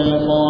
الخالقين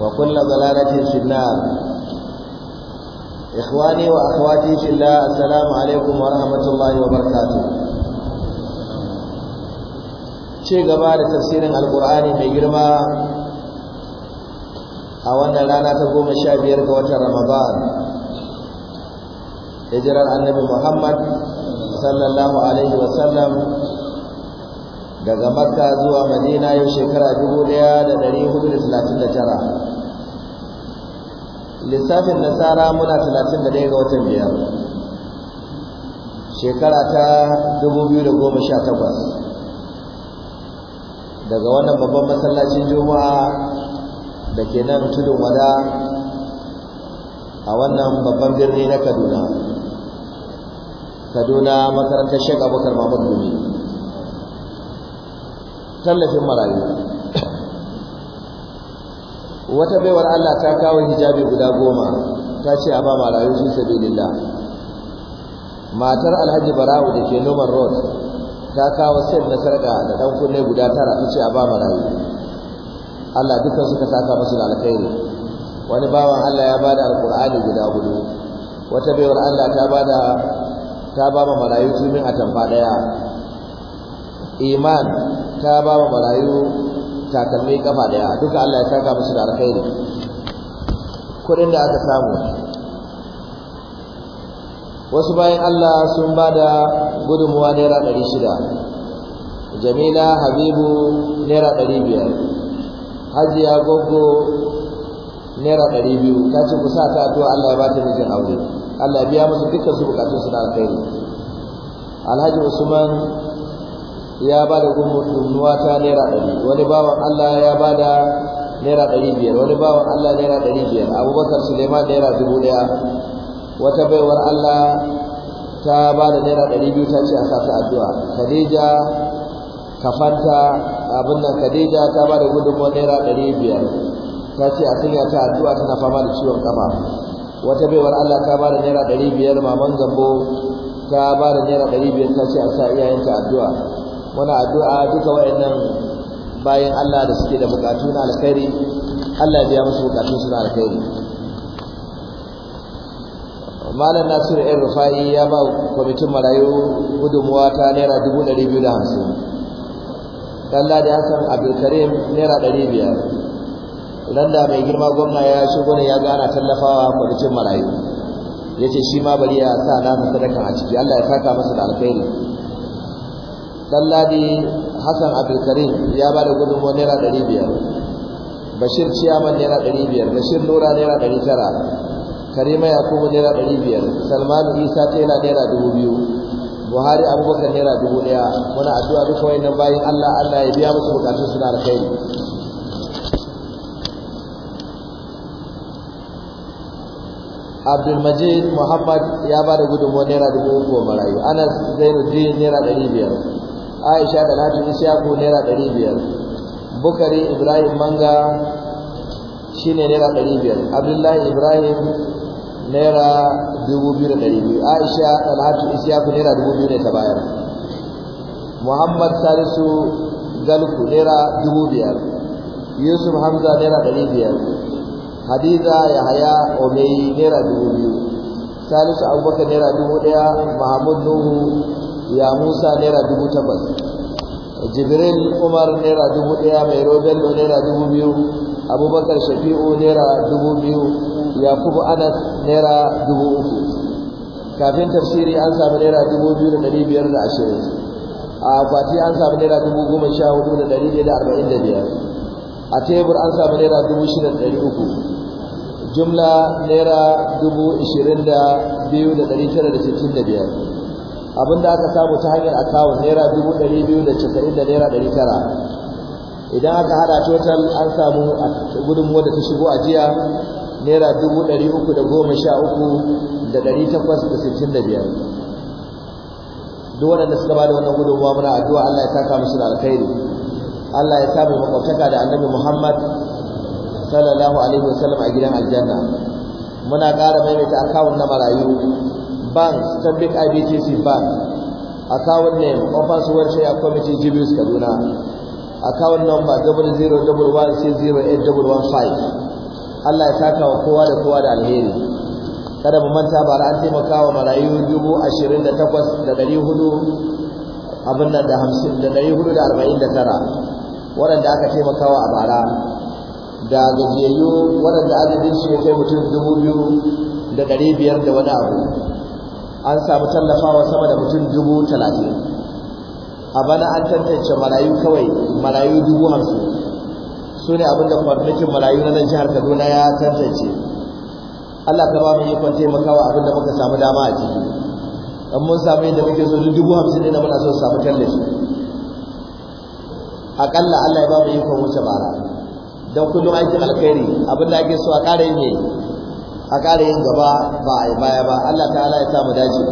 وكل ضلالة في النار إخواني وأخواتي في الله السلام عليكم ورحمة الله وبركاته ce gaba da tafsirin Alƙur'ani mai girma a wannan rana ta goma sha biyar ga watan ramadan hijirar annabi muhammad sallallahu alaihi daga makka zuwa madina yau shekara 1439 lissafin nasara muna 31 ga watan biyar shekara ta 2018 daga wannan babban masallacin juma'a da ke nan tudun wada a wannan babban birni na kaduna kaduna makarantar shek abokar mamadu ne tallafin marayu wata baiwar Allah ta kawo hijabi guda goma ta ce a ba marayu su sabilillah matar Alhaji Bara'u da ke Noman Road ta kawo sai na sarka da dan kunne guda tara ta ce a ba marayu Allah dukkan suka saka musu da alkhairi wani bawan Allah ya bada alqur'ani guda hudu wata baiwar Allah ta bada ta ba marayu tumin atamfa daya iman ta ba wa marayu takalmi kafa daya duka Allah ya saka musu da alkhairi kudin da aka samu wasu bayan Allah sun ba da gudunmuwa naira ɗari shida jamila habibu naira ɗari biyar hajiya gogo naira ɗari biyu ta ce ku sa ta addu'a Allah ya ba ta mijin aure Allah ya biya musu dukkan su bukatun su na alkhairi alhaji usman ya ba da gudunmuwa ta naira ɗari wani bawan Allah ya ba da naira ɗari biyar wani bawan Allah naira ɗari biyar abubakar suleiman naira dubu ɗaya wata baiwar Allah ta ba da naira ɗari biyu ta ce a sata addu'a khadija kafanta abin nan khadija ta ba da gudunmuwa naira ɗari biyar ta ce a sanya ta addu'a tana fama da ciwon kafa wata baiwar Allah ta ba da naira ɗari biyar maman Zambo ta ba da naira ɗari biyar ta ce a sa iyayenta addu'a muna addu'a duka wa'annan bayan Allah da suke da bukatu na alkhairi Allah biya musu bukatu su na alkhairi Malam Nasiru ɗan Rufa'i ya ba kwamitin marayu gudunmuwa ta naira dubu ɗari biyu da hamsin. Dalla da Hassan Abdulkarim naira ɗari biyar. Randa mai girma gwamna ya shigo ne ya gana tallafawa kwamitin marayu. Ya ce shi ma bari ya sa nasa sadaka a ciki Allah ya saka masa da alkhairi. Ɗanladi Hassan Abdulkarim ya ba da gudunmuwa Naira ɗari biyar. Bashir Ciyaman Naira ɗari biyar. Bashir Nura Naira ɗari tara. Karima Yakubu Naira ɗari biyar. Salman Isa Tela Naira dubu biyu. Buhari Abubakar Naira dubu ɗaya. Muna addu'a duka wayannan bayin Allah Allah ya biya musu bukatun su da alkhairi. Abdulmajid Muhammad ya ba da gudunmuwa Naira dubu uku wa marayu. Anas Zainuddin Naira ɗari biyar. aisha da latin isyaku naira ɗari biyar bukari ibrahim manga shi ne naira ɗari biyar abdullahi ibrahim naira dubu biyu da ɗari biyu aisha da latin isyaku naira dubu biyu ne ta bayar muhammad salisu galku naira dubu biyar yusuf hamza naira ɗari biyar hadiza yahaya omeyi naira dubu biyu salisu abubakar naira dubu ɗaya mahamud nuhu ya musa naira dubu takwas jibril umar naira dubu ɗaya mai robello naira dubu biyu abubakar shafi'u naira dubu biyu yakubu anas naira dubu uku kafin tafsiri an samu naira dubu biyu da ɗari biyar da ashirin a akwati an samu naira dubu goma sha hudu da ɗari ɗaya da arba'in da biyar a tebur an samu naira dubu shida da ɗari uku jumla naira dubu ishirin da biyu da ɗari tara da sittin da biyar abinda aka samu ta hanyar akawun naira biyu da naira 900 idan aka hada total an samu gudun da ta shigo a jiya naira uku da da biyar. duk waɗanda suka bada wannan gudunmuwa muna addu'a Allah ya saka musu da alkhairi Allah ya sa mu makwabtaka da Annabi Muhammad sallallahu alaihi wasallam a gidan aljanna muna ƙara maimaita akawun na marayu bank stanbic ibtc bank account name office worship committee Jibis kaduna account number 0011608115 Allah ya saka wa kowa da kowa da alheri kada mu manta bara an taimaka wa marayu hudu abin da da 449 waɗanda aka wa a bara da gajiyayyu waɗanda adadin shi ya kai mutum dubu biyu da ɗari biyar da wani abu an samu tallafawa sama da mutum dubu talatin a bana an tantance marayu kawai marayu dubu hamsin su ne abinda kwamitin marayu na nan jihar kaduna ya tantance allah ka ba mu yi ikon makawa abinda muka samu dama a ciki in mun samu yadda muke so duk dubu hamsin ne na muna so samu tallafi aƙalla allah ya ba mu ikon wuce bara don kullum aikin alkhairi abinda ake so a ƙara yin ne a ƙara yin gaba ba a yi baya ba Allah ta'ala ya samu dace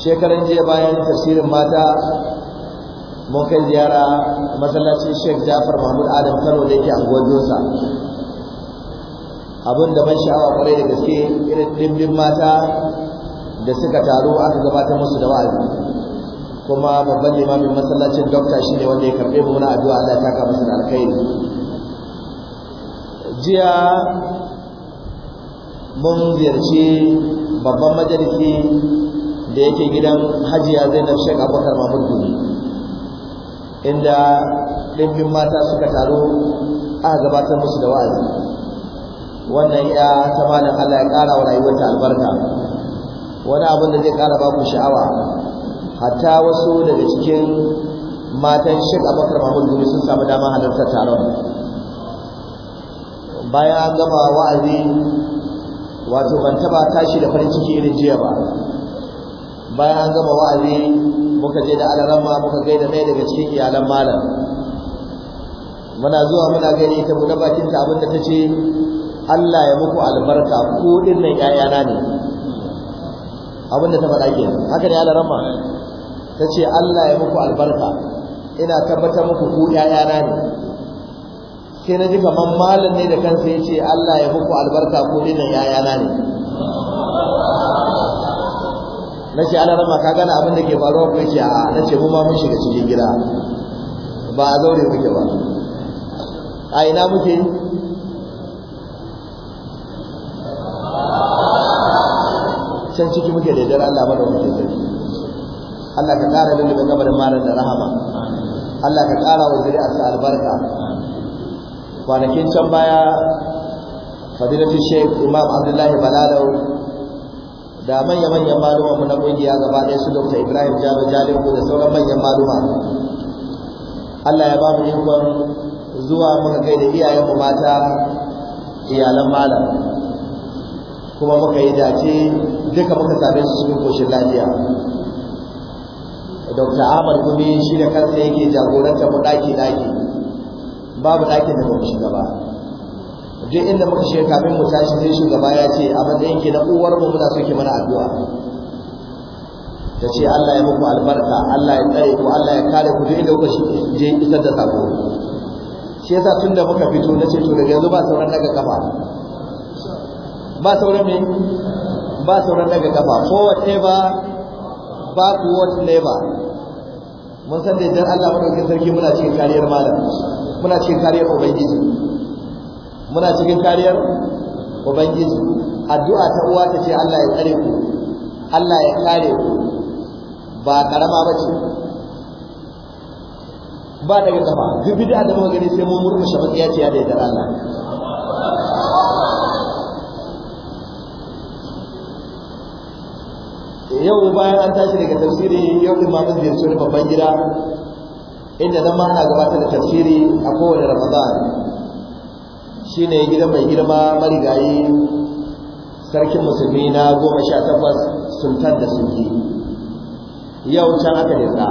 shekaran jiya bayan tafsirin mata mun kai ziyara masallacin Sheikh Jafar Mahmud Adam Kano da yake anguwar Josa abin da ban sha'awa kwarai da gaske irin dimbin mata da suka taru aka gabatar musu da wa'azi kuma babban limamin masallacin dokta shine wanda ya karbe mu na addu'a Allah ta ka masa alkhairi jiya mun ziyarci babban majalisi da yake gidan hajiya zainab shek abubakar mahmud gumi inda ɗimbin mata suka taru aka gabatar musu da wa'azi wannan ya ta malam allah ya ƙara wa rayuwarta albarka wani abin da zai ƙara ba ku sha'awa hatta wasu daga cikin matan shek abubakar mahmud gumi sun samu dama halartar taron bayan an gama wa'azi wato ban taba tashi da farin ciki irin jiya ba bayan an gama wa'azi muka je da alarama muka gaida ɗaya daga cikin iyalan malam muna zuwa muna gani ta buga bakin ta abinda ta ce Allah ya muku albarka ko dinnan ƴaƴana ne abinda ta faɗa ke haka ne alarama ta ce Allah ya muku albarka ina tabbatar muku ku ƴaƴana ne sai na ji kamar malam ne da kansa ya ce Allah ya muku albarka ko dinan na ne na ce ana rama ka gana abin da ke faruwa ko ce a na ce mu ma mun shiga cikin gida ba a zaure muke ba a ina muke can ciki muke da dare Allah madawa muke sai Allah ka kara da gaba da malam da rahama Allah ka kara wa zuri'arsa albarka kwanakin can baya fadilatu sheik imam abdullahi balalau da manya-manyan maluma mu na kungiya gaba ɗaya su dr ibrahim jalo jalingo da sauran manyan maluma allah ya ba mu ikon zuwa muka kai da iyayenmu mata iyalan malam kuma muka yi dace duka muka same su cikin koshin lafiya dr ahmad gumi shi da kansa yake jagorantar mu ɗaki-ɗaki babu ɗakin da bamu shiga ba duk inda muka shiga kafin mu tashi sai shugaba ya ce a matsayin ke na uwar mu muna soke mana addu'a ta ce Allah ya muku albarka Allah ya tsare ku Allah ya kare ku duk inda kuka je isar da sako shi yasa tun da muka fito na ce to daga yanzu ba sauran daga kafa ba sauran me ba sauran daga kafa ko whatever ba ku whatever mun san da idan Allah madaukakin sarki muna cikin kariyar malam muna cikin kariyar ubangiji muna cikin kariyar ubangiji addu'a ta uwa ta ce Allah ya kare ku Allah ya kare ku ba karama bace ba daga kafa duk bid'a da muka gani sai mun murmushe matsiya ce da yadda Allah yau bayan an tashi daga tafsiri yau kuma ma mun ziyarci babban gida inda nan ma ana gabatar da tafsiri a kowane ramadan ne gida mai girma marigayi sarkin musulmi na goma sha takwas sultan da sulki yau can aka nisa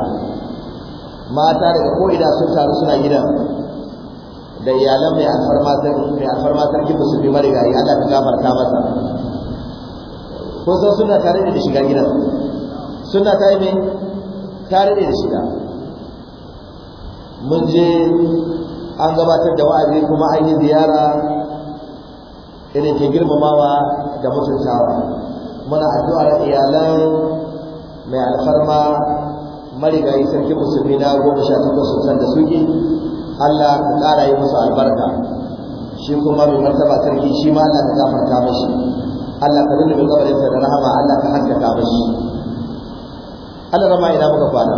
mata daga ko'ina sun taru suna gidan da iyalan mai alfarmatar ki musulmi marigayi ana ta gafarta masa ko sun suna tare da shiga gidan suna ta yi tare da shiga mun je an gabatar da wa'azi kuma an yi ziyara irin ke girmamawa da mutuntawa muna addu'ar iyalan mai alfarma marigayi sarki musulmi na goma sha takwas sultan da suke Allah ka ƙara yi musu albarka shi kuma mai martaba sarki shi ma Allah ka gafarta mashi Allah ka lullube kabarinsa da rahama Allah ka haskaka mashi Allah rama ina muka kwana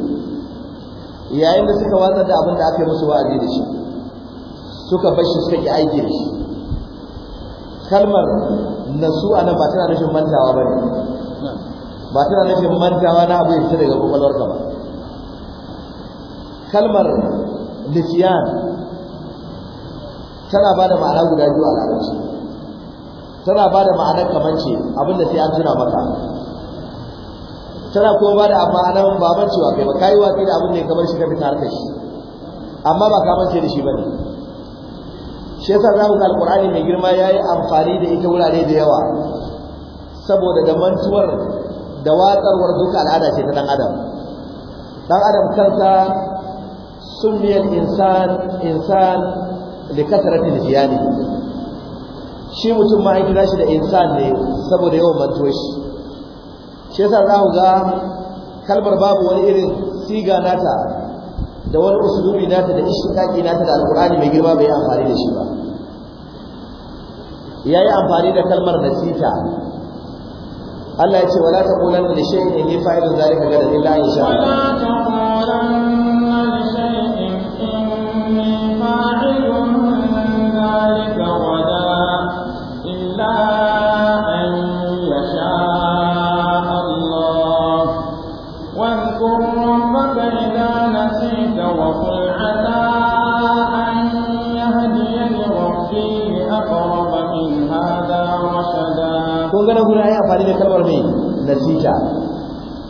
yayin da suka watsar da abin da aka yi musu wa'azi da shi suka bar shi suka ki aiki da shi kalmar nasu a nan ba tana nufin mantawa ba ne ba tana nufin mantawa na abu ya daga daga ka ba kalmar nisyan tana ba da ma'ana guda biyu a larabci tana ba da ma'anar kamance abinda sai an tuna maka tana kuma ba da ba baban cewa kai ba kai watsi da abin da ya kamar shi ka fita harkar shi amma ba ka mance da shi ne shi yasa za ku ga mai girma ya yi amfani da ita wurare da yawa saboda da mantuwar da watsarwar duka al'ada ce ta dan adam dan adam kansa sunniyal insan insan li kasrati nisyani shi mutum ma an shi da insan ne saboda yawan mantuwar shi shi yasa za ku ga kalmar babu wani irin siga nata da wani usulubi nata da ishtiqaqi nata da alqur'ani mai girma bai amfani da shi ba yayi amfani da kalmar nasita Allah ya ce wala taqulanna li shay'in inni fa'ilun dhalika gadan illa in sha Allah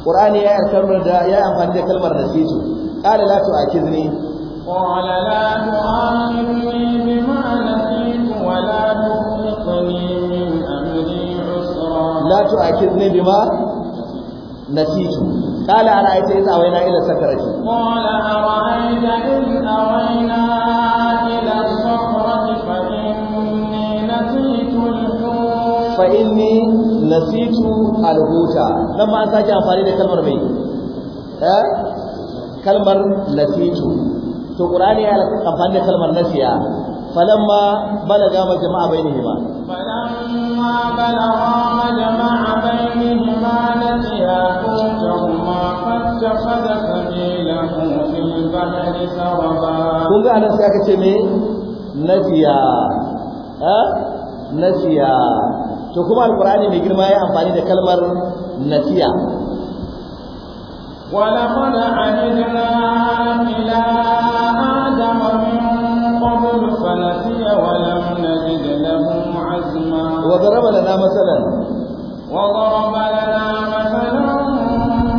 qur'ani ya amfani da ya amfani da kalmar nasitu qala la tu'akizni qala la tu'akizni bima nasitu wa la tu'akizni min amri usra la tu'akizni bima nasitu قال أرأيت إذ أوينا إلى السكرة قال أرأيت إذ أوينا إلى السكرة فإني نسيت الحوت فإني nasitu alhuta nan ba an sake amfani da kalmar mai eh kalmar nasitu to qur'ani ya amfani da kalmar nasiya falamma balaga ma jama'a bainihima falamma balaga ma jama'a bainihima nasiya kuntuhuma fattakhadha sabilahu fil bahri saraba kun ga anan sai aka ce me nasiya eh nasiya to kuma alqur'ani mai girma yi amfani da kalmar nasiya wa laqad a'adna ila adam min qabl fanasiya wa lam najid lahu azma wa daraba lana masalan wa daraba lana masalan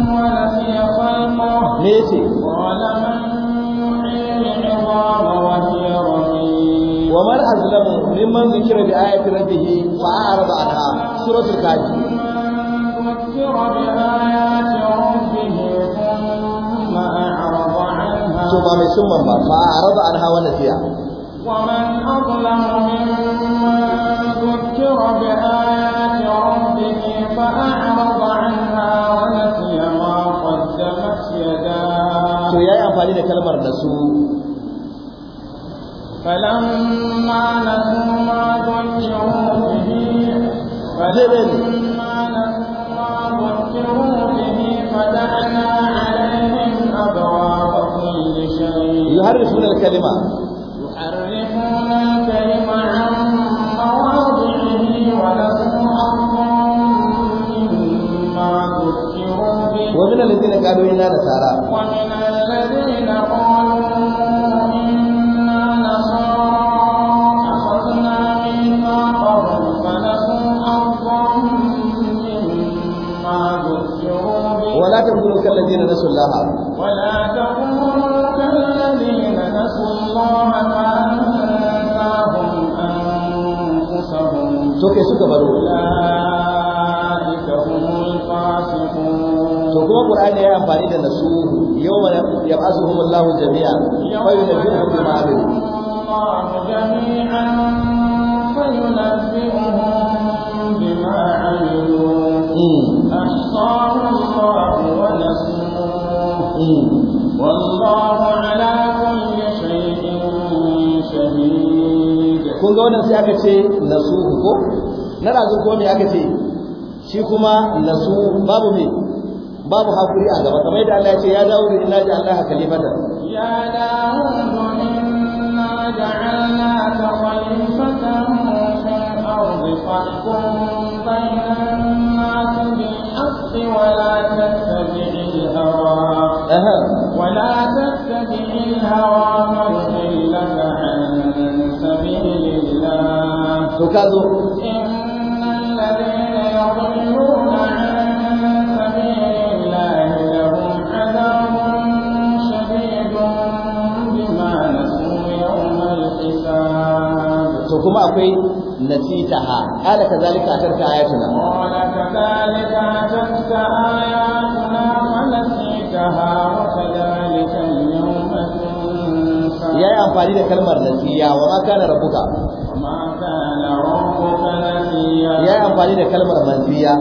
wa nasiya khalqahu ومن أظلم ممن ذكر بآية ربه فأعرض عنها سورة الكافر ذكر بآيات ربه ثم أعرض عنها ثم من ثم فأعرض عنها ونسيها ومن أظلم ممن ذكر بآيات ربه فأعرض عنها ونسي ما قدمت يداه. تو يا أنفاني لكلمة الرسول فلما نسوا ما ذكروا به فلما نسوا ما ذكروا به فتحنا عليهم أبواب كل شيء يحرفون الكلمة يحرفون الكلمة عن مواضعه ونسوا أمرا مما ذكروا به ومن الذين قالوا إنا نسارى كلها ولا suke suka baro to kuma qur'ani ya amfani da nasu yawma yab'athuhumullahu jami'an fa yunabbihum bima amilu الرجيم والله على كل شيء شهيد kun ga wannan sai aka ce nasu ko na razu ko me aka ce shi kuma nasu babu me babu hakuri a gaba kamar yadda Allah ya ce ya dawo da inna ja Allah kalifata ya dawo ولا تتبع الهوى ولا تتبع الهوى فيضلك عن سبيل الله إن الذين يضلون عن سبيل الله لهم عذاب شديد بما نسوا يوم الحساب تكما أقول نسيتها قال كذلك أتتك آياتنا قال كذلك أتتك آياتنا ya amfani da kalmar nasiya wa ma kana rabuka ya yi amfani da kalmar manziya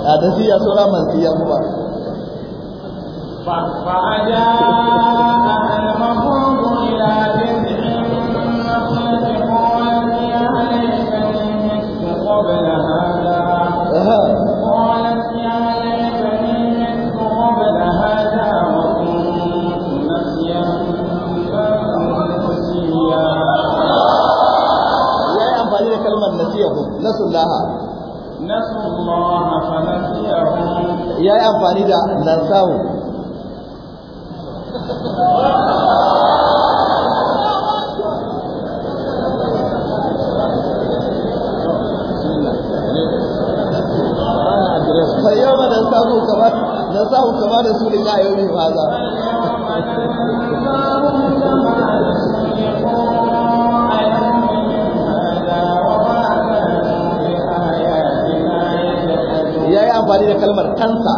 a nasiya sura manziya kuma قبل هذا قالت يا ليتني مت قبل هذا وكنت نسيا يا أنفالي كلمة نسيهم نسوا الله نسوا الله فنسيهم يا أنفالي نساهم ila yawmi hadha ya yi amfani da kalmar kansa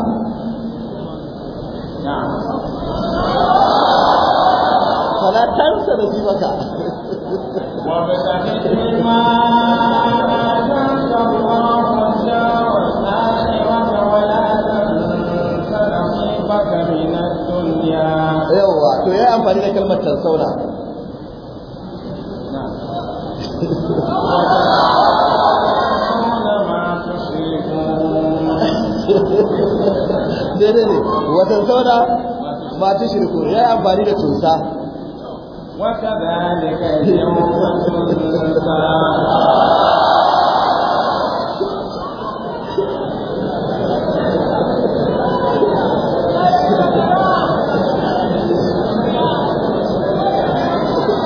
amfani da ne tunsa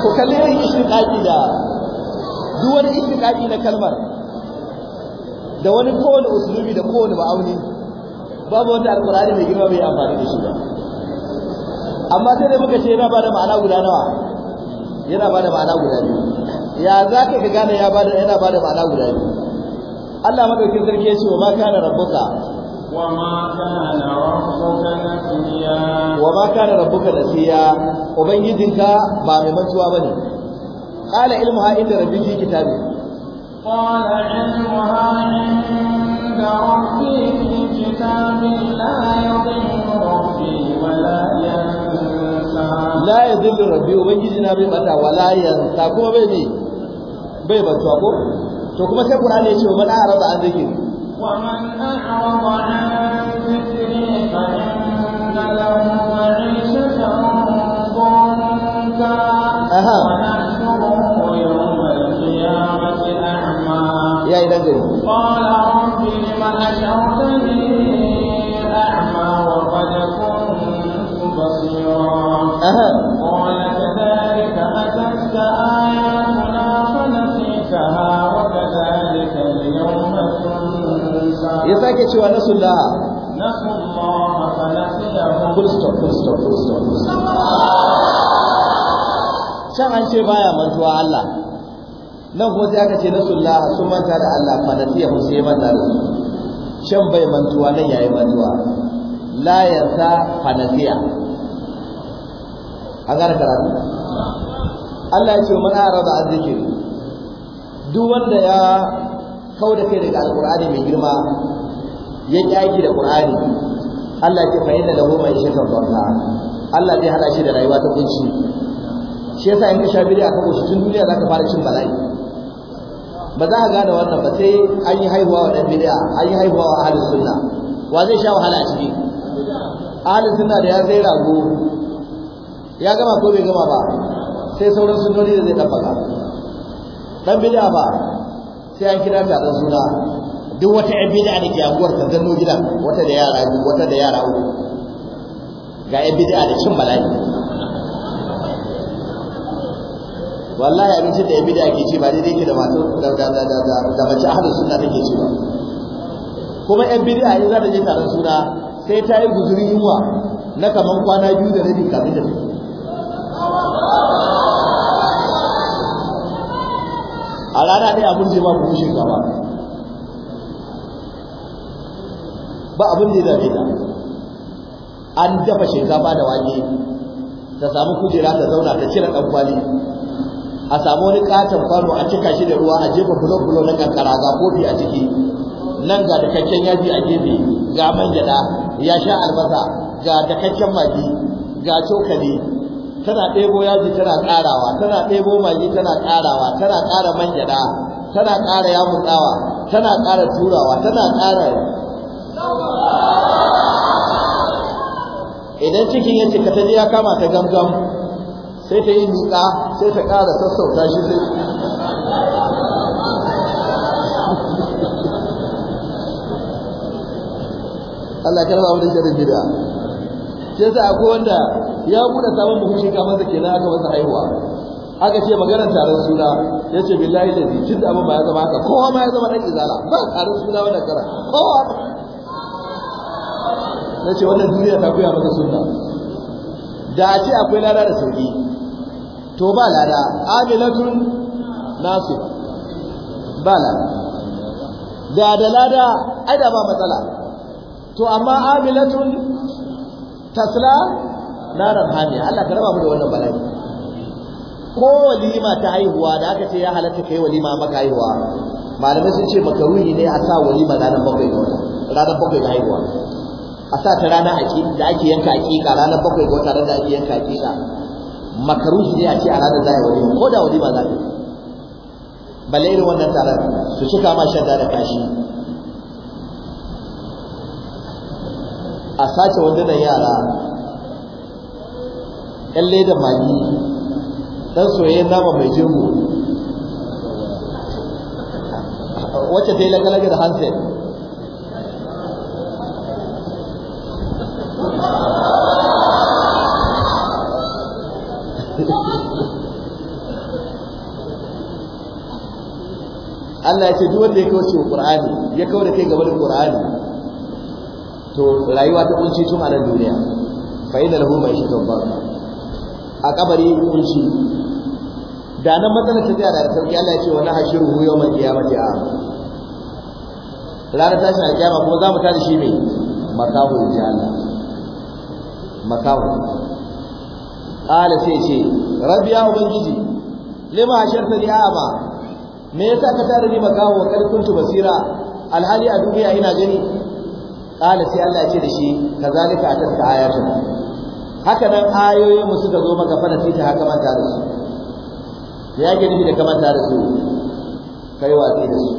ku kalli irin ishtiqaqi da duk wani na kalmar da wani kowane usulubi da kowane ma'auni babu wata alqur'ani mai girma mai amfani da shi ba amma sai da muka ce yana bada ma'ana guda nawa yana bada ma'ana guda biyu ya za ka ka gane yana ba yana bada ma'ana guda biyu Allah madaukin sarki ya ce wa ma kana rabbuka wa ma kana rabbuka nasiya wa ubangijinka ba mai mantuwa bane qala ilmuha inda rabbi ji kitabi qala ilmuha inda rabbi fi kitabi la yudhillu rabbi wa la yahdi لا يذل ربي وبنجينا بي بدا ولا ينسى كما بي بي بتوا كو تو كما سي قران يي تشو بدا رب ان ذكر ومن يا إلهي قال ربي لما أشعرتني أعمى وقد كنت قال كذلك أتتك آياتنا فنسيتها وكذلك اليوم تنسى يساك شوى نسوا الله نسوا الله فنسيهم فول ستوب فول ستوب فول ستوب can an ce baya mantuwa Allah nan kuma sai aka ce nasullah sun manta da Allah fa nasiyahu sai manta da su can bai mantuwa nan yayi mantuwa la yansa fa an gane karatu Allah ya ce man araba an duk wanda ya kau da kai daga alqur'ani mai girma ya kyaki da qur'ani Allah ya ce fa inna lahu man shaka barka Allah zai hada shi da rayuwa ta kunci shi yasa in ka sha biri aka koshi tun duniya zaka fara cin bala'i ba za ka gane wannan ba sai an yi haihuwa wa dan bid'a an yi haihuwa wa ahlus sunna wa zai sha wahala a ciki ahlus sunna da ya sai rago ya gama ko bai gama ba sai sauran sunoni da zai ɗabbaka dan bid'a ba sai an kira ta suna duk wata yan bid'a da ke anguwar ta zanno gida wata da yara biyu wata da yara uku ga yan bid'a da cin bala'i wallahi abincin da yan bid'a ke ci ba daidai ke da masu da da da da da mace ahlus sunna take ci ba kuma yan bid'a in za ta je taron suna sai ta yi guzuri yunwa na kaman kwana biyu da rabi kafin da su a rana ɗaya abin da ba kushe gaba, ba abin da zai ta an dafa shinkafa da wake ta samu kujera ta zauna ta cire ɗan kwali a samu wani katon kwano a cika shi da ruwa a jefa bulo-bulo na kankara ga kofi a ciki nan ga dakakken yaji a gefe ga man ya sha albasa ga dakakken magi ga cokali tana ɗebo yaji tana ƙarawa tana ɗebo magi tana ƙarawa tana ƙara manjada tana ƙara yamuƙawa, tana ƙara turawa tana ƙara idan cikin ya ce ta je ya kama ta gamgam sai ta yi miƙa sai ta ƙara sassauta shi sai Allah karba wani shirin gida sai sa akwai wanda ya bude sabon buhun shinkafa da kenan aka masa haihuwa aka ce maganar taron suna ya ce billahi da zai cin da abin ba ya zama haka kowa ma ya zama ɗan izala ba taron suna wannan kara kowa na ce wannan duniya ta koya maka suna da a ce akwai lada da sauki to ba lada amilatun nasu ba lada da da lada ai da ba matsala to amma amilatun tasla Na hamiya Allah ka raba mu da wannan bala'i ko walima ta haihuwa da aka ce ya halatta kai walima maka haihuwa malamai sun ce makaruhi ne a sa walima ranar bakwai ga wata ranar bakwai ga haihuwa a sa ta ranar da ake yanka aƙiƙa ranar bakwai ga wata ranar da ake yanka aƙiƙa makaruhi ne a ce a ranar zai walima ko da walima za a yi balle wannan taron su cika ma shan da kashi a sace wandunan yara ɗan da magi ɗan soyayyen nama mai jego wacce ta yi lagalaga da hansen Allah ya ce duk wanda ya kawo cewa Qur'ani ya kawo da kai gaba da Qur'ani to rayuwa ta kunci tun a nan duniya fa'idar hu lahu shi tabbata a kabari kunci da nan matsalar ta tsaya da sauki Allah ya ce wa nahshiruhu yawmal qiyamati a ranar a alkiyama kuma za mu tashi shi mai makaho ji Allah makaho qala sai ce rabbi ya ubangiji lima hasharta ni a'ma me yasa ka tada ni makaho kar kuntu basira alhali a duniya ina gani ala sai Allah ya ce da shi kazalika atatka ayatun haka nan ayoyin mu suka zo maka fara cita haka manta da su ya ke nufi da kamanta da su kai watsi da su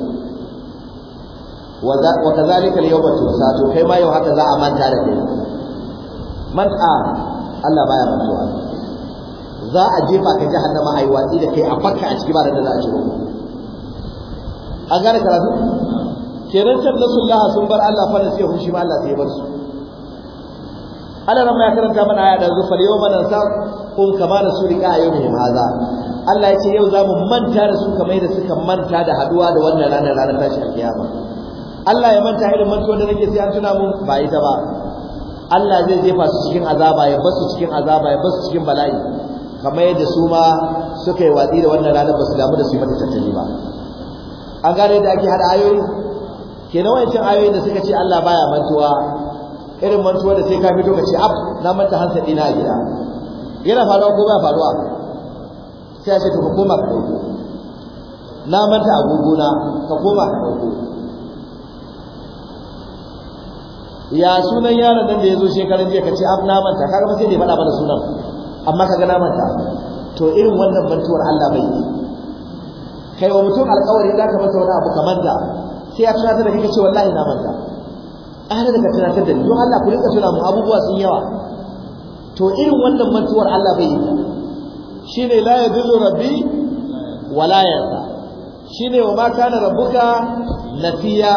wa kazalika al-yawma tusa to kai ma yau haka za a manta da kai A Allah baya mantuwa za a jefa ka jahannama ayi watsi da kai a fakka a ciki ba da za a ciro an gane karatu kenan can nasullah sun bar Allah fa da sai hushi ma Allah sai bar su Allah nan ya karanta mana aya da zufal yau mana sa kun kama da su rika yau ne maza Allah ya ce yau zamu manta da su kamar da suka manta da haduwa da wannan ranar ranar tashi alkiyama Allah ya manta irin mantuwa da nake sai an tuna mun ba ita ba Allah zai jefa su cikin azaba ya basu cikin azaba ya basu cikin bala'i kamar yadda su ma suka yi watsi da wannan ranar ba su damu da su yi mata tattali ba an gane da ake hada ayoyi kenan wancan ayoyin da suka ce Allah baya mantuwa irin mantuwar da sai ka fito ka ce ab na manta hansa dina a gida yana faruwa ko ba faruwa sai a ce ka hukuma ka na manta agogona ka koma ka dauko ya sunan yaron nan da ya zo shekaran jiya ka ce ab na manta kaga ba sai bai faɗa ba da sunan amma kaga na manta to irin wannan mantuwar Allah bai yi kai wa mutum alƙawari da ka masa wani abu ka manta sai ya tunatar da kai ka ce wallahi na manta ƙara daga tunatar da ni don Allah ku rika tuna mu abubuwa sun yawa to irin wannan mantuwar Allah bai yi shine la yadullu rabbi wala yansa shine wa ma kana rabbuka nasiya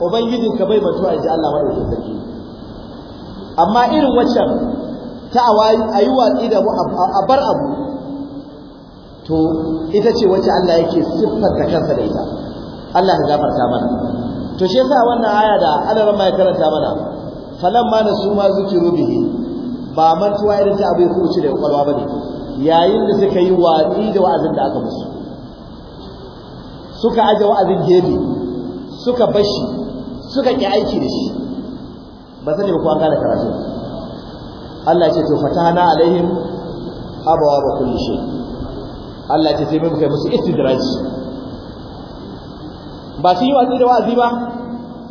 ubangijinka bai mantuwa inji Allah madaukakin sarki amma irin waccan ta ayi watsi da a bar abu to ita ce wacce Allah yake siffanta kansa da ita Allah ya gafarta mana to shi yasa wannan aya da Allah ran ya karanta mana falan ma nasu ma zikiru bihi ba mantuwa irin ta abu ya kuce da kwalwa bane yayin da suka yi watsi da wa'azin da aka musu suka aje wa'azin gefe suka bashi suka ki aiki da shi ba sani ba ko an gane karatu Allah ya ce to fatana alaihim abawa ba kulli shay Allah ya ce sai muka musu istidraj ba su yi watsi da wa'azi ba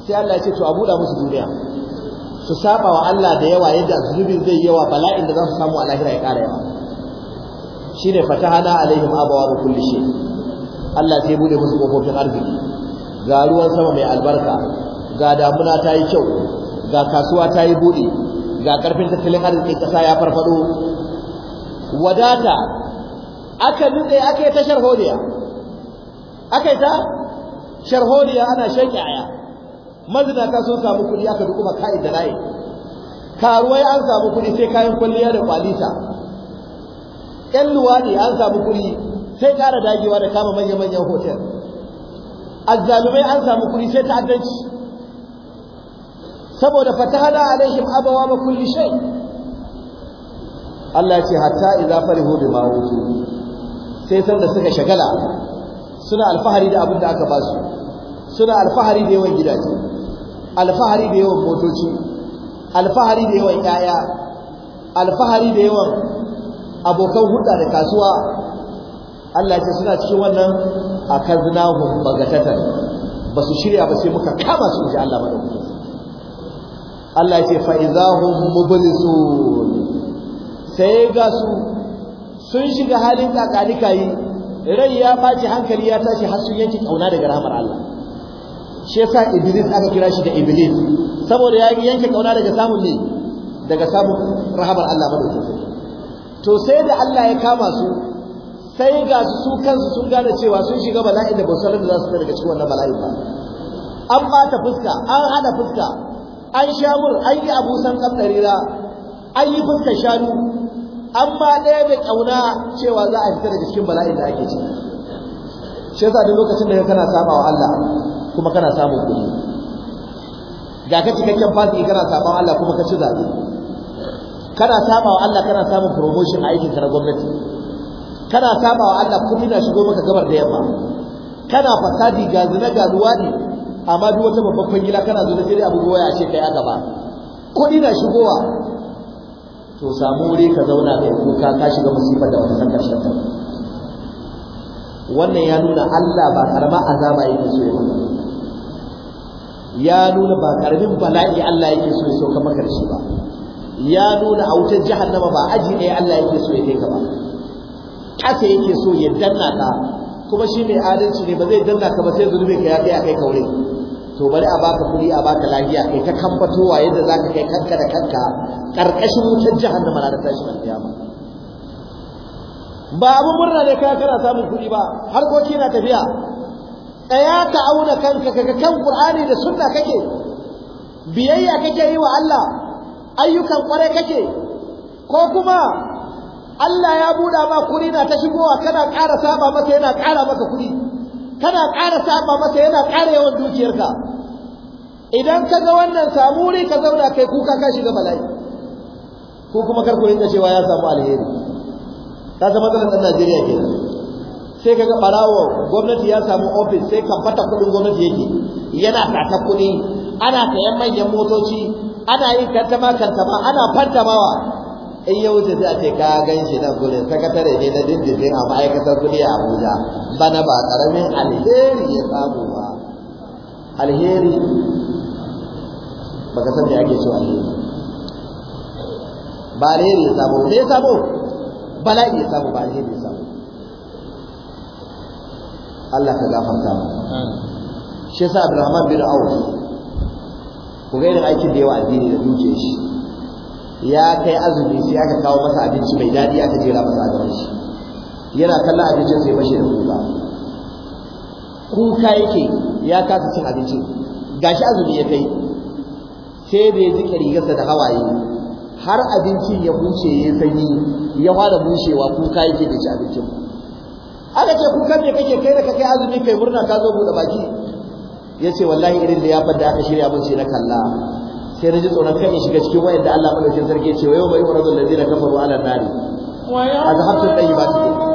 sai Allah ya ce to a buɗa musu duniya su saba wa Allah da yawa yadda zunubin zai yawa bala'in da za su samu a lahira ya ƙara yawa shine fatahana alaihim abawa kulli shay Allah sai bude musu kofofin arziki ga ruwan sama mai albarka ga damuna ta yi kyau ga kasuwa ta yi bude ga karfin tattalin arziki kasa ya farfado wadata aka nutse aka yi tashar hodiya aka yi ta Sharhoriya ana shaƙi aya mazinata sun samu kuɗi aka duk kuma ka'in da layi karuwai an samu kuɗi sai kayan kwalliya da kwalita ƴan luwaɗi an samu kuɗi sai ƙara dagewa da kama manya-manyan hotel azzalumai an samu kuɗi sai ta'addanci saboda fatahana alaihim abawa ba kulli shay Allah ya ce hatta idza farihu bima utu sai sanda suka shagala suna alfahari da abin da aka ba su suna alfahari da yawan gidaje alfahari da yawan motoci alfahari da yawan yaya alfahari da yawan abokan hudda da kasuwa Allah ya ce suna cikin wannan akaznahum bagatatan ba su shirya ba sai muka kama su ji Allah madaukakin Allah ya ce fa izahum mublisun sai ga su sun shiga halin kakani kayi rai ya ɓaci hankali ya tashi har sun yanki kauna daga rahmar Allah shi yasa iblis aka kira shi da iblis saboda ya yanke kauna daga samun ne daga samun rahmar Allah madaukakin to sai da Allah ya kama su sai ga su kansu sun gane cewa sun shiga bala'in da ba su da za su daga cikin wannan bala'in ba an bata fuska an hada fuska an mur an yi abusan kamdarira an yi fuskar shanu amma ɗaya mai ƙauna cewa za a fita daga cikin bala'in da ake ciki shi yasa duk lokacin da kana saba wa Allah kuma kana samun kuɗi ga ka cikakken fasiki kana saba wa Allah kuma ka ci zaɓe kana saba wa Allah kana samun promotion a aikin na gwamnati kana saba wa Allah kuɗi na shigo maka gabar da yamma kana fasadi ga zina ga ne amma duk wata babban gida kana zo sai dai abubuwa ya ce kai aka ba kuɗi na shigowa to samu wuri ka zauna kai kuka ka shiga musibar da wata sankar shakka wannan ya nuna Allah ba karama azaba yake so ya maka ya nuna ba karamin bala'i Allah yake so ya sauka maka shi ba ya nuna a wutar jahannama ba aji ne Allah yake so ya kai ka ba ƙasa yake so ya danna ka kuma shi mai adalci ne ba zai danna ka ba sai zunubin ka ya kai a kai kaure to bari a baka kuɗi a baka lahiya kai ta kambatowa yadda zaka kai kanka da kanka karkashin wutar jahannama na tashin alkiyama ba abun murna ne kai kana samun kuɗi ba harkoki na tafiya tsaya ta auna kanka kaga kan qur'ani da sunna kake biyayya kake yi wa Allah ayyukan kware kake ko kuma Allah ya buɗa ma kuɗi na ta shigowa kana ƙara saba masa yana ƙara maka kuɗi kana ƙara saba masa yana ƙara yawan dukiyarka idan ka ga wannan samu ne ka zauna kai kuka ka shiga bala'i ko kuma kar ku rinka cewa ya samu alheri ta zama matsalar ɗan Najeriya ke sai kaga barawo gwamnati ya samu ofis sai ka fata kuɗin gwamnati yake yana tata kuɗi ana sayan manyan motoci ana yin kantama kantama ana fantamawa in ya wuce sai a ce ka gan shi nan gurin sakatare ne na dindindin a ma'aikatar kuɗi a Abuja bana ba ƙaramin alheri ya samu ba alheri baka san me ake cewa ba alheri ya samu me ya samu bala'i ya samu ba alheri ya samu Allah ka gafarta mu shi yasa Abdulrahman bin Auf ku ga irin aikin da yawa addini da duke shi ya kai azumi sai aka kawo masa abinci mai daɗi aka jera masa a shi yana kallon abincin sai bashi da kuka kuka yake ya kasa cin abinci gashi azumi ya kai sai bai ji rigarsa da hawaye har abincin ya bushe ya sanyi ya fara bushewa kuka yake da shi abincin aka ce kuka me kake kai da kai azumi kai murna ka zo bude baki yace wallahi irin da ya fada aka shirya mun ce na kalla sai naji tsoron kai shiga cikin wayar da Allah madaukakin sarki ce wa yau bai yuradul ladina kafaru ala nari wa yau azhabtu tayyibati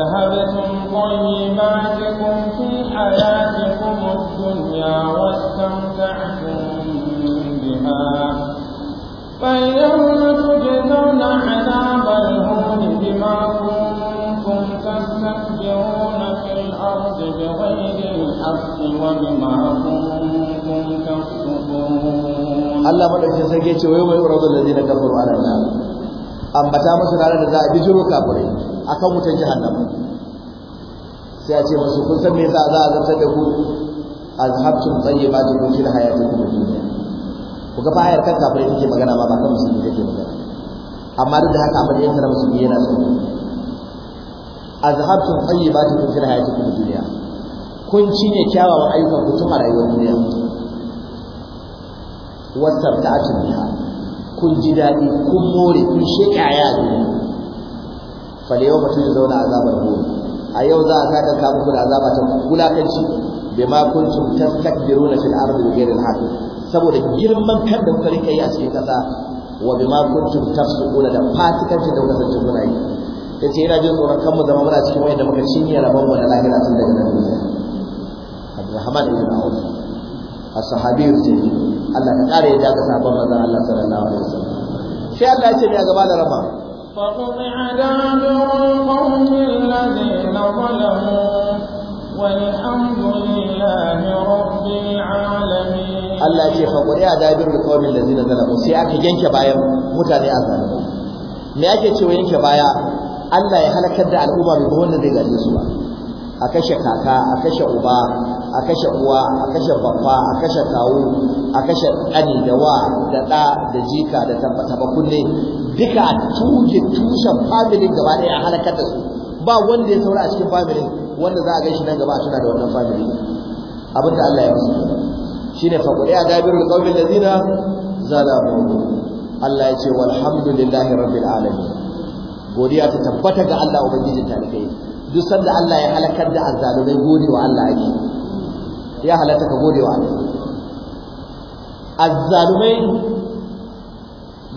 أذهبتم طيباتكم في حياتكم الدنيا واستمتعتم بها فاليوم تجزون عذاب الهون بما كنتم تستكبرون في الأرض بغير الحق وبما كنتم تفسقون الله ملك سيكيتش ويوم يعرض الذين كفروا على النار ambata musu ranar da za a bijiro kafirai akan wutan jahannama sai a ce musu kun san me yasa za a zartar da ku azhabtum tayyibatukum fil hayatid dunya ku ga bayar kan kafirai take magana ma ba kan musulmi take magana amma duk da haka amma da yanka musu yana so azhabtum tayyibatukum fil hayatid dunya kun cinye kyawawan ayyukan ku tuma a rayuwar duniya wasabta'tum biha kun ji daɗi kun more kun ya duniya fal yawma zauna azabar hur a yau za a saka ka muku da azaba ta kulakanci bima kuntum tastakbiruna fil ardi bighayri al haqq saboda girman kan da kuka rika yi a cikin kasa wa bima kuntum tafsiquna da fatikanci da kuka san kuna yi yace yana jin tsoron kan mu zama muna cikin wayanda muka cinye rabon mu da lahira tun daga nan duniya Abdurrahman ibn Auf as-sahabi Allah ka kare ya daga sabon manzon Allah sallallahu alaihi wasallam sai Allah ya ce mai gaba da rama فقطع دابر القوم الذين ظلموا والحمد لله رب العالمين الله يجي فقطع دابر القوم الذين ظلموا sai aka yanke bayan mutane a zalimi me ake cewa yanke baya Allah ya halakar da al'umma bai wanda zai gaje su ba a kashe kaka a kashe uba a kashe uwa a kashe babba a kashe kawu a kashe ƙani da wa da ɗa da jika da tabbata kunne duka a tuje tushen familin gaba ɗaya a halakar da su ba wanda ya saura a cikin familin wanda za a gaishe nan gaba a tuna da wannan family abin da Allah ya musu shine fa qul ya dabirul qawmil ladina zalamu Allah ya ce walhamdulillahi rabbil alamin godiya ta tabbata ga Allah ubangijin talibai duk sanda Allah ya halakar da azzalumai gode wa Allah ake ya halatta ka gode wa Allah azzalumai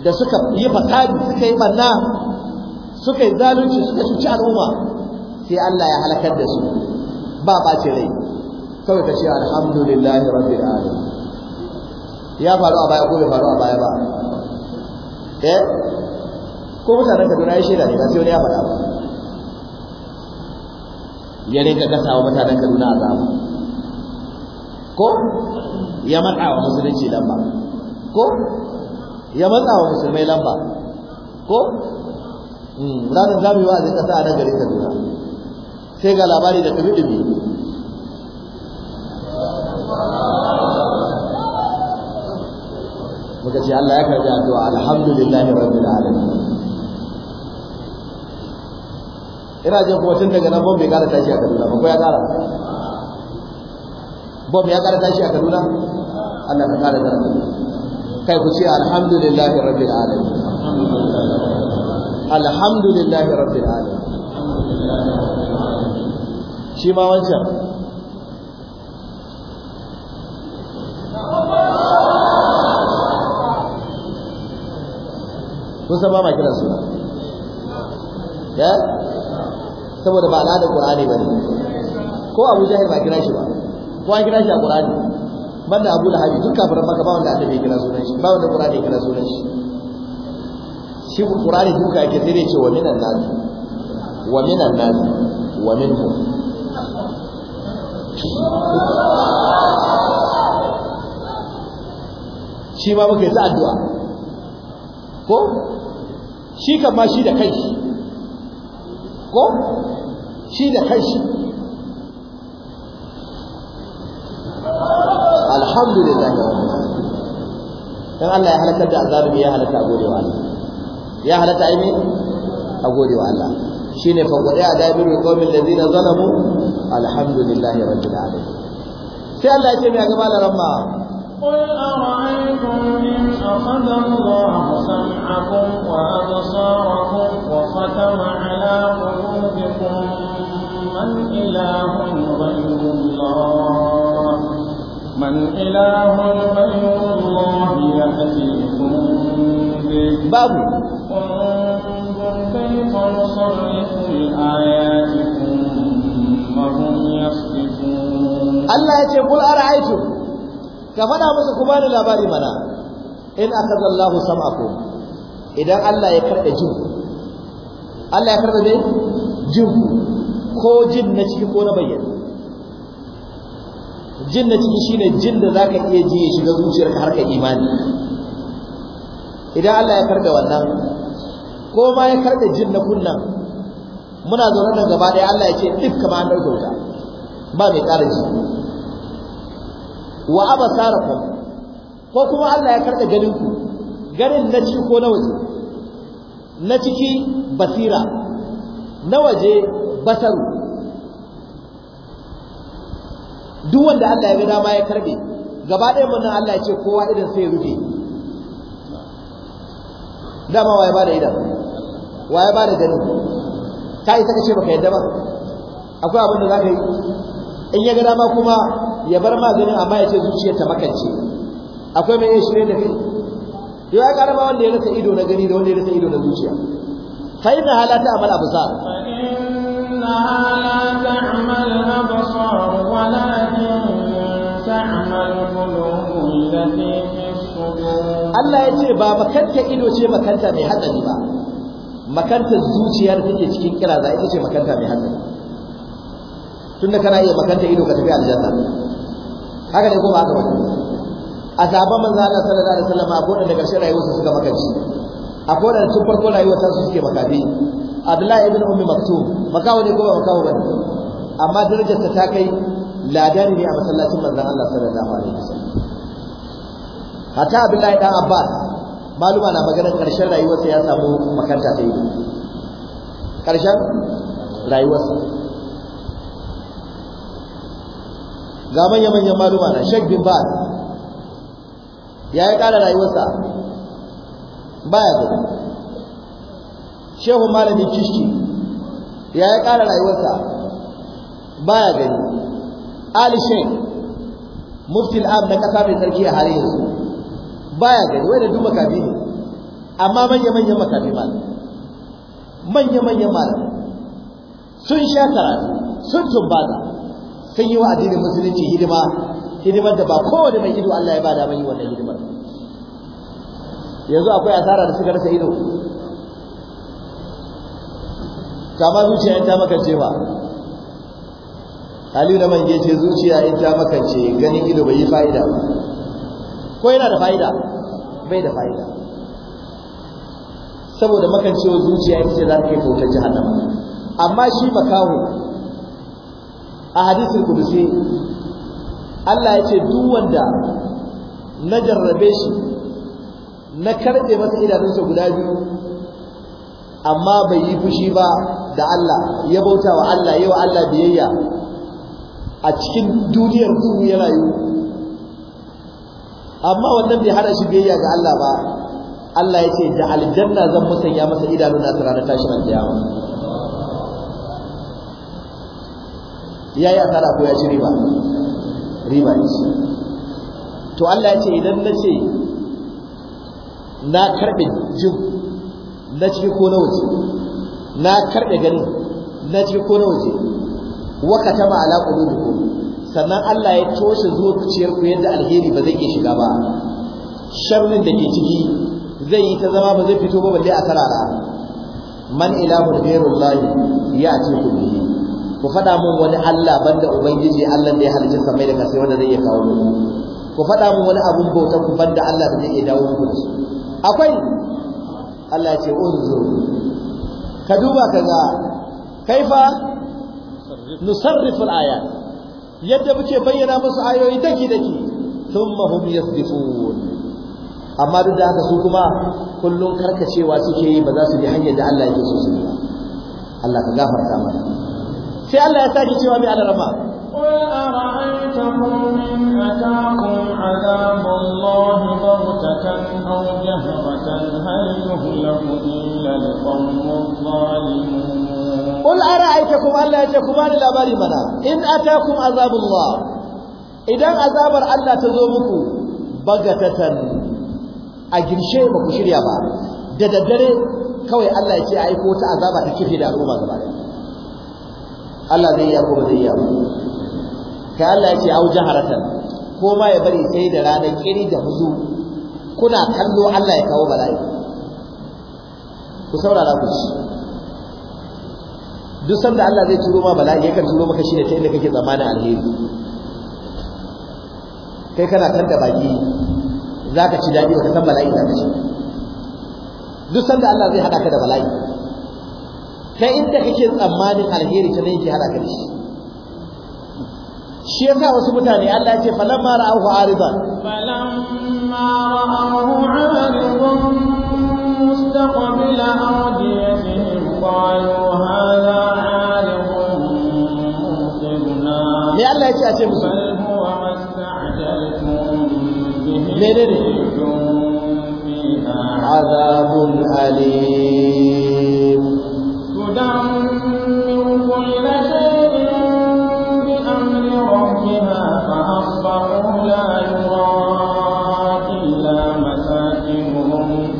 da suka yi fasadi suka yi banna suka yi zalunci suka cuci al'umma sai Allah ya halakar da su ba ɓace rai kawai ka ce alhamdulillahi rabbil alamin ya faru a baya ko bai faru a baya ba eh ko mutanen Kaduna ya shaida ne ba sai wani ya faɗa ba ya rinka kasa wa mutanen Kaduna azaba ko ya matsa wa musulunci lamba ko ya matsa wa musulmai lamba ko ranar zamewa a zai kasa a nan Kaduna sai ga labari da kabi dubi muka ce Allah ya karbi addu'a alhamdulillahi rabbil alamin ina jin kuma tun daga nan bom bai kara tashi a kaduna ba ko ya kara bom ya kara tashi a kaduna Allah ka kara daraja kai ku ce alhamdulillahi rabbil alamin alhamdulillahi rabbil alamin shi ma wancan kun san ba ma kiran suna ya eh? saboda ba al'adar ba ne. ko abu jahil ba kira shi ba ko an kira shi a qur'ani da abu lahabi duk kafirin maka ba wanda annabi ya kira sunan shi ba wanda ƙur'ani ya kira sunan shi shi ƙur'ani duka yake sai dai ce wa minan nas wa minan nas wa minhum shi ma muka yi ta addu'a ko shi kan ma shi da kai ko shi da kanshi alhamdulillah dan Allah ya halakar da azabi ya halaka a godewa Allah ya halaka aimi a godewa Allah shine fa qadi adabil qawmin ladina zalamu alhamdulillahi rabbil alamin sai Allah ya ce mai gaba da ramma قل أرأيتم إن أخذ الله سمعكم وأبصاركم وختم على قلوبكم من إله غير الله من إله غير الله يأتيكم به باب انظر كيف نصرف الآيات ثم هم يصدفون الله يقول أرأيتم ka faɗa musu ku bani labari mana in aka Allahu sam'akum idan Allah ya karɓe jin Allah ya karɓe me jin ko jin na ciki ko na bayyana jin na ciki shine jin da zaka iya ji ya shiga zuciyarka har ka imani idan Allah ya karɓe wannan ko ma ya karɓe jin na kunnan muna zaune nan gaba ɗaya Allah ya ce duk kamar an ɗauke wuta ba mai ƙara wa Saraku ko kuma Allah ya karɓe ganin ku ganin na ciki ko na waje na ciki basira na waje basaru duk wanda Allah ya ga dama ya karɓe gaba ɗaya mun Allah ya ce kowa idan sai ya rufe dama waye ba da idan waye ba da ganin ka yi ta ce baka yadda ba akwai abin da za ka yi in ya ga dama kuma ya bar maganin amma ya ce zuciyar ta makance akwai mai shirye da kai yau ya karaba wanda ya rasa ido na gani da wanda ya rasa ido na zuciya fa inna halata amal absar inna لا تعمى الأبصار ولكن تعمى القلوب التي في الصدور ba. Makanta بابا كنت إلو شيء مكانتا من هذا الجبا مكانتا الزوجي cikin تجي تشكين كلا ذا إلو شيء tunda kana iya makanta ido ka tafi aljanna haka ne kuma aka wani a sabon manzo Allah sallallahu alaihi wasallam akwai wanda daga shi rayuwarsa suka makanci akwai da tun farko rayuwarsa su suke makafi Abdullahi ibn Ummi Maktum makawo ne ko ba makawo bane amma darajarsa ta kai ladani ne a masallacin manzon Allah sallallahu alaihi wasallam hatta Abdullahi dan Abbas maluma na maganar karshen rayuwarsa ya samu makanta ta yi karshen rayuwarsa ga manya-manyan maluma na Sheikh bin ba ya yi ƙara rayuwarsa ba ya zo Shehu Malami Kishki ya yi ƙara rayuwarsa ya gari Ali Sheikh muftin am na ƙasa mai sarki a har yanzu ba ya gani da duk makafi ne amma manya-manyan makafi malam manya-manyan malam sun sha karatu sun tumbata sun yi wa addinin musulunci hidima hidimar da ba kowane mai ido Allah ya ba da yi wannan hidimar yanzu akwai asara da suka rasa ido kama zuciya in ta makance ba Aliyu da mange ce zuciya in ta makance ganin ido bai yi fa'ida ba ko yana da fa'ida bai da fa'ida saboda makancewa zuciya ita ce za ta kai kautar jahannama amma shi makaho a hadisin kudusi Allah ya ce duk wanda na jarrabe shi na karɓe masa idanunsa guda biyu amma bai yi fushi ba da Allah ya bauta wa Allah wa Allah biyayya a cikin duniyar duhu ya rayu amma wannan bai hana shi biyayya ga Allah ba Allah ya ce da aljanna zan musanya masa idanuna na ranar tashin alkiyama ya yi asara ko ya ci riba riba ne to Allah ya ce idan na ce na karɓe jin na ciki ko na waje na karɓe ganin na ciki ko na waje waka ta ba ala ku? sannan Allah ya toshe zuciyar ku yadda alheri ba zai iya shiga ba sharrin da ke ciki zai yi ta zama ba zai fito ba balle a sarara man ilahu ghayrullahi ya ce ku ku faɗa min wani Allah banda ubangiji Allah da ya halicci samai da kasai wanda zai iya kawo muku ku faɗa min wani abun bautar ku banda Allah da zai iya dawo muku da shi akwai Allah ya ce unzur ka duba kaga kaifa nusarrifu al-ayat yadda muke bayyana musu ayoyi daki daki thumma hum yasdifun amma duk da haka su kuma kullun karkacewa suke yi ba za su bi hanyar da Allah yake so su bi Allah ka gafarta mana sai Allah ya sake cewa mai alaraba Qul kuma Allah ya ce kuma da labari mana in atakum azabullah idan azabar Allah ta zo muku bagatatan a girshe ba ku shirya ba da daddare kawai Allah ya ce aiko ta azaba ta kife da al'umma gaba daya Allah zai iya ko ba zai iya ba kai Allah ya ce au jaharatan ko ma ya bari sai da rana kiri da huzu kuna kallo Allah ya kawo bala'i ku saurara ku ci duk sanda Allah zai turo ma bala'i ya kan turo maka shi ne ta inda kake zamanin alheri kai kana kan da baki zaka ci dadi ka san bala'i zaka ci duk sanda Allah zai hada ka da bala'i ta inda kake tsammanin alheri ta ne ke hada shi shi yasa wasu mutane Allah ce falamma ra'ahu aridan falamma ra'ahu aridan awdiyatihim qalu hadha me Allah ce a ce musu menene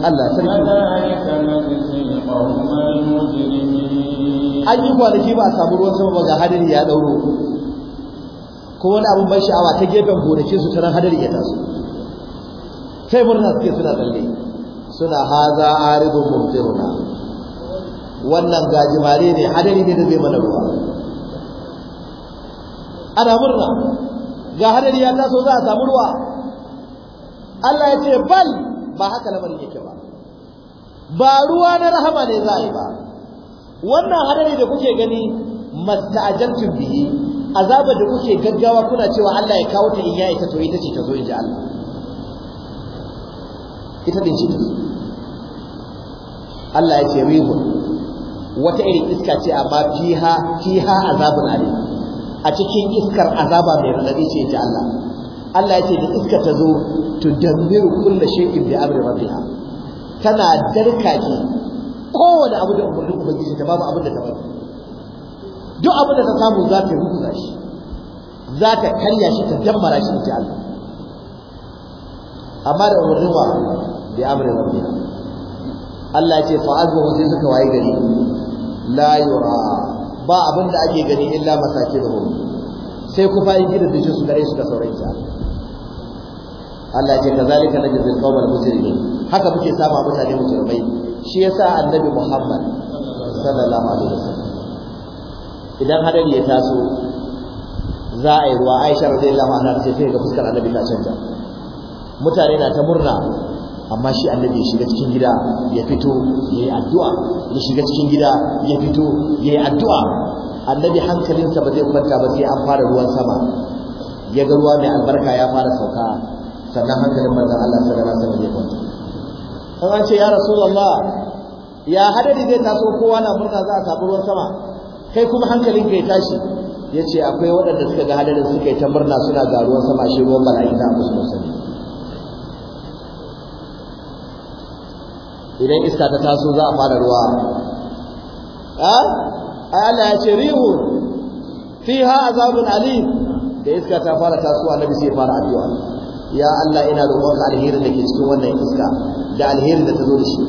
Allah sarki an yi kwanaki ba a samu ruwan sama ba ga hadari ya dauro ko wani abin ban sha'awa ta gefen gonakin su taran hadari ya taso sai murna suke suna tsalle suna haza aridun mumtiruna wannan gajimare ne hadari ne da zai mana ruwa ana murna ga hadari ya taso za a samu ruwa Allah ya ce bal ba haka lamarin yake ba ba ruwa na rahama ne za yi ba wannan hadari da kuke gani masta'ajaltum bihi azabar da kuke gaggawa kuna cewa Allah ya kawo ta in yayi ta to ita ce ta zo inji Allah ita din ce Allah ya ce rihu wata irin iska ce amma fiha fiha azabun alim a cikin iskar azaba mai radadi ce inji Allah Allah ya ce da iska ta zo to dammiru kullu shay'in bi amri rabbiha tana darkake kowane abu da umarnin ubangiji ta babu abin da ta bari duk abin da ta samu za ta yi shi za ta karya shi ta dammara shi ta Allah amma da umarnin wa bi amri rabbina Allah ce fa azwa sai suka waye gari la yura ba abin da ake gani illa masakin ruhu sai kufa yin gidan da shi su gare su da saurayi ta Allah ce kazalika najzi al-qawmal mujrimin haka muke saba mutane mujrimai shi yasa annabi Muhammad sallallahu alaihi wasallam idan hadari ya taso za a yi ruwa Aisha radiyallahu anha ce sai ga fuskar annabi ta canja mutane na ta murna amma shi annabi ya shiga cikin gida ya fito yayi addu'a ya shiga cikin gida ya fito yayi addu'a annabi hankalinsa ba zai kwanta ba sai an fara ruwan sama ya ga ruwa mai albarka ya fara sauka sannan hankalin manzon Allah sallallahu alaihi wasallam zai kwanta sai an ce ya rasulullah ya hadari zai taso kowa na murna za a samu ruwan sama kai kuma hankalin ka ya tashi yace akwai waɗanda suka ga hadarin suka yi ta murna suna ga ruwan sama shi ruwan bala'i na musu musulmi idan iska ta taso za a fara ruwa a Allah ya ce rihu fiha azabun alim da iska ta fara tasowa nabi sai fara addu'a ya Allah ina roƙonka alherin da ke cikin wannan iska da alherin da ta zo da shi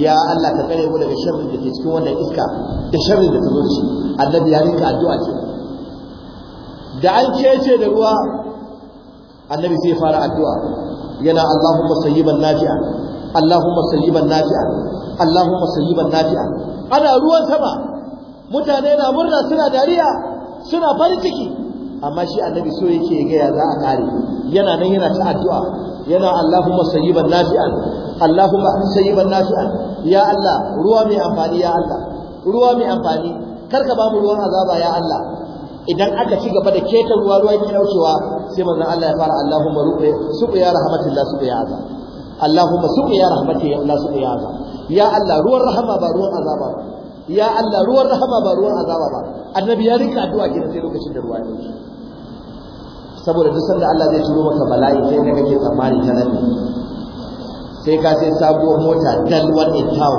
ya Allah ka kare mu daga sharrin da ke cikin wannan iska da sharrin da ta zo da shi annabi ya rinka addu'a ce da an cece da ruwa annabi sai fara addu'a yana Allahumma sayyiban nafi'a Allahumma sayyiban nafi'a Allahumma sayyiban nafi'a ana ruwan sama mutane na murna suna dariya suna farin ciki amma shi annabi so yake ya gaya za a kare yana nan yana ta addu'a yana Allahumma sayyiban nafi'an Allahumma sayyiban nafi'an ya Allah ruwa mai amfani ya Allah ruwa mai amfani kar ka bamu ruwan azaba ya Allah idan aka ci gaba da keta ruwa ruwa yake daukewa sai manzon Allah ya fara Allahumma ruqi ya rahmatillah ya azab Allahumma ya rahmatillah ya azab ya Allah ruwan rahama ba ruwan azaba ba ya Allah ruwan rahama ba ruwan azaba ba annabi ya rinka addu'a ke sai lokacin da ruwa ya dauke saboda duk sanda Allah zai turo maka bala'i sai da kake tsammani ta nan sai ka sai sabuwar mota dal one in town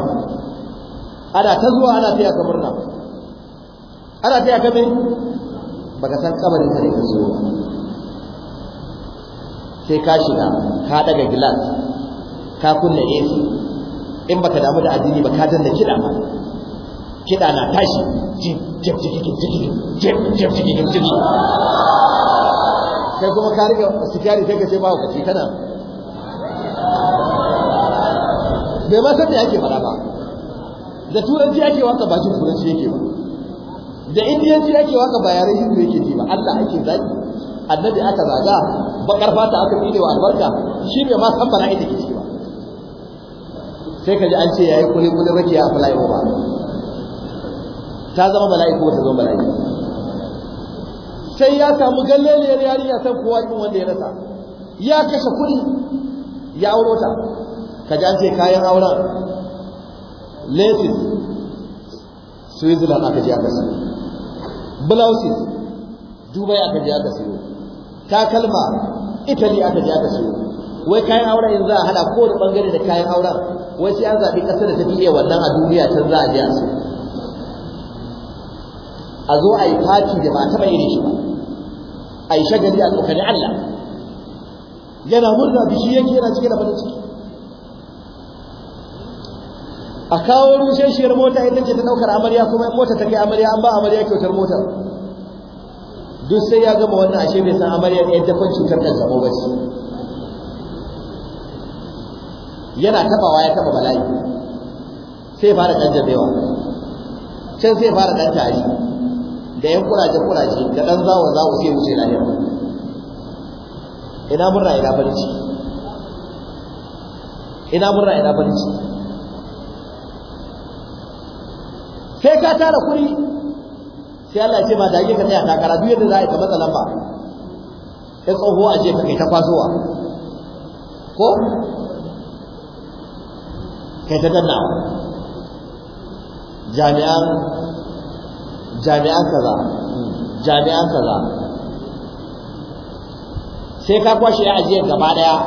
ana ta zuwa ana taya ka murna ana taya ka me baka san kabarin ka ne ka zo sai ka shiga ka daga glass ka kunna AC in baka damu da addini ba ka danna kiɗa kiɗa na tashi kai kuma ka riga sikari sai ka ce bawa kaci kana bai ma san me ake fara ba da turanci ake waka ba jin turanci yake ba da indiyanci ake waka ba yaren hindu yake ji ba Allah ake zaki annabi aka zaga bakar fata aka fide wa albarka shi bai ma san bala'i ke ciki ba sai ka ji an ce yayi kuli kuli rakiya a ba. ta zama bala'i ko ta zama bala'i sai ya samu galleliyar yarinya san kowa kin wanda ya rasa ya kashe kuɗi ya auro ta ka ji an ce kayan auren laces switzerland aka ji aka siyo blouses dubai aka ji aka siyo takalma italy aka ji aka siyo wai kayan auren yanzu a hada kowane bangare da kayan auren wai sai an zaɓi ƙasar da ta fi iya wannan a duniya can za a je a siyo a zo a yi fati da ba taɓa yin shi ba a yi shagali a tsokani Allah yana murna da shi yake yana cike da farin ciki a kawo shiyar mota idan ce ta ɗaukar amarya kuma mota ta kai amarya an ba amarya kyautar mota duk sai ya gama wannan ashe bai san amarya ɗaya dafan cutar kan zama wasu yana tabawa ya taba bala'i sai fara ɗan jabewa can sai fara ɗan tari da ya kuraje kuraje da dan zawo zawo sai wuce lahira ina mun ina farin ina murna ina farin sai ka tara kuɗi sai Allah ce ba yake ka tsaya takara duk yadda za a yi ta matsala ba sai tsoho a ka kai ta kwasowa ko kai ta danna jami'an jami'an kaza jami'an kaza sai ka kwashe ya ajiyar gaba daya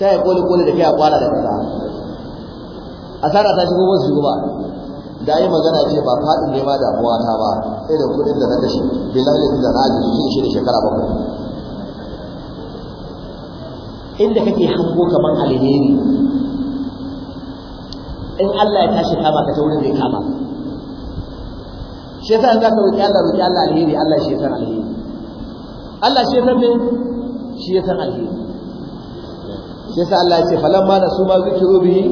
sai ya koli koli da kai ya kwara da kaza asara ta shigo wasu shigo ba da yi magana ce ba faɗin ne ma damuwa ta ba sai da kuɗin da na kashe bilalin da na ajiye shi shi da shekara bakwai inda kake hango kamar alheri in Allah ya tashi kama ka ta wurin mai kama shi za ka zaka Allah roki Allah alheri Allah shi san alheri Allah shi san me shi ya san alheri shi yasa Allah ya ce falamma nasu ma zikiru bihi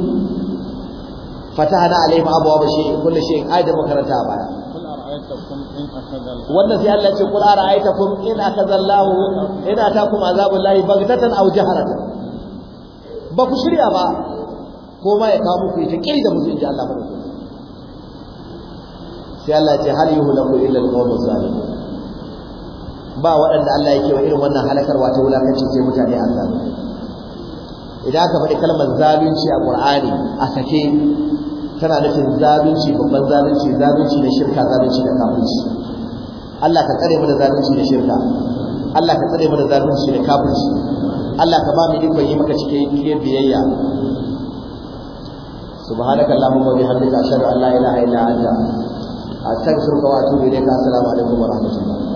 fatahna alaihim abwaaba shay'in kullu shay'in ayda makaranta ba wannan sai Allah ya ce qul ara'aytakum in akaza Allah in atakum azabul lahi baghtatan aw jaharatan ba ku shirya ba ko ma ya kawo muku ita kirda musu inji Allah barka sai Allah ya ce hal yuhlaku illa al-qawmu zalim ba waɗanda Allah yake wa irin wannan halakarwa ta wulakanci sai mutane a zalimi idan aka faɗi kalmar zalunci a Qur'ani a sake tana nufin zalunci babban zalunci zalunci da shirka zalunci da kafirci Allah ka tsare mu da zalunci da shirka Allah ka tsare mu da zalunci da kafirci Allah ka ba mu ikon yi maka cikakken biyayya subhanakallahumma wa bihamdika ashhadu an la ilaha illa anta A wa atubu ilayka assalamu alaikum wa rahmatullah